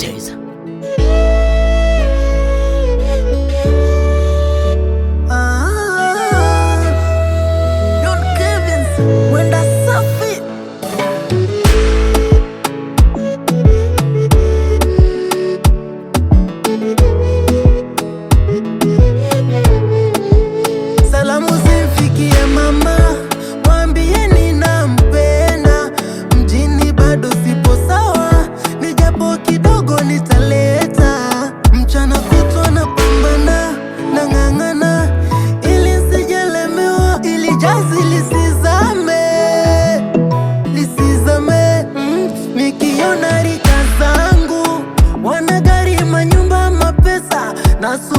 days.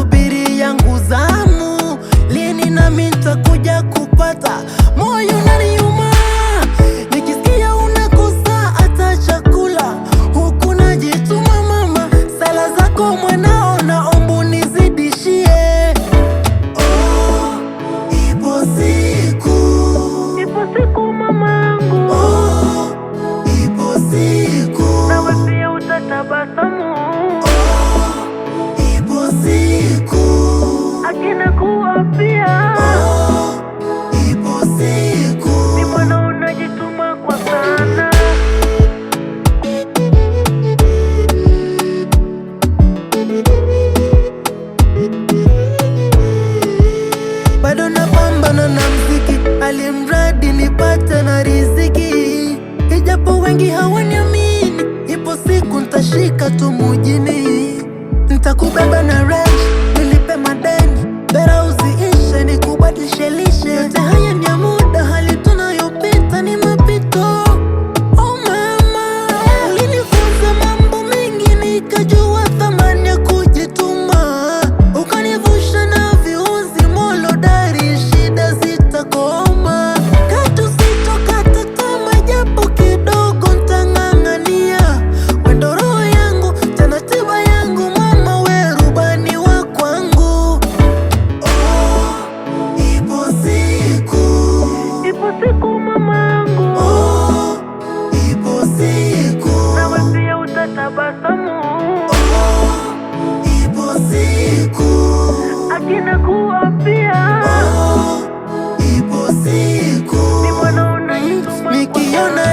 subiri yangu zamu, lini nami nitakuja kupata moyo nani inakuwa pia bado napambana na mziki, alimradi na riziki, ijapo wengi hawaniamini, ipo siku ntashika tu mujini. you know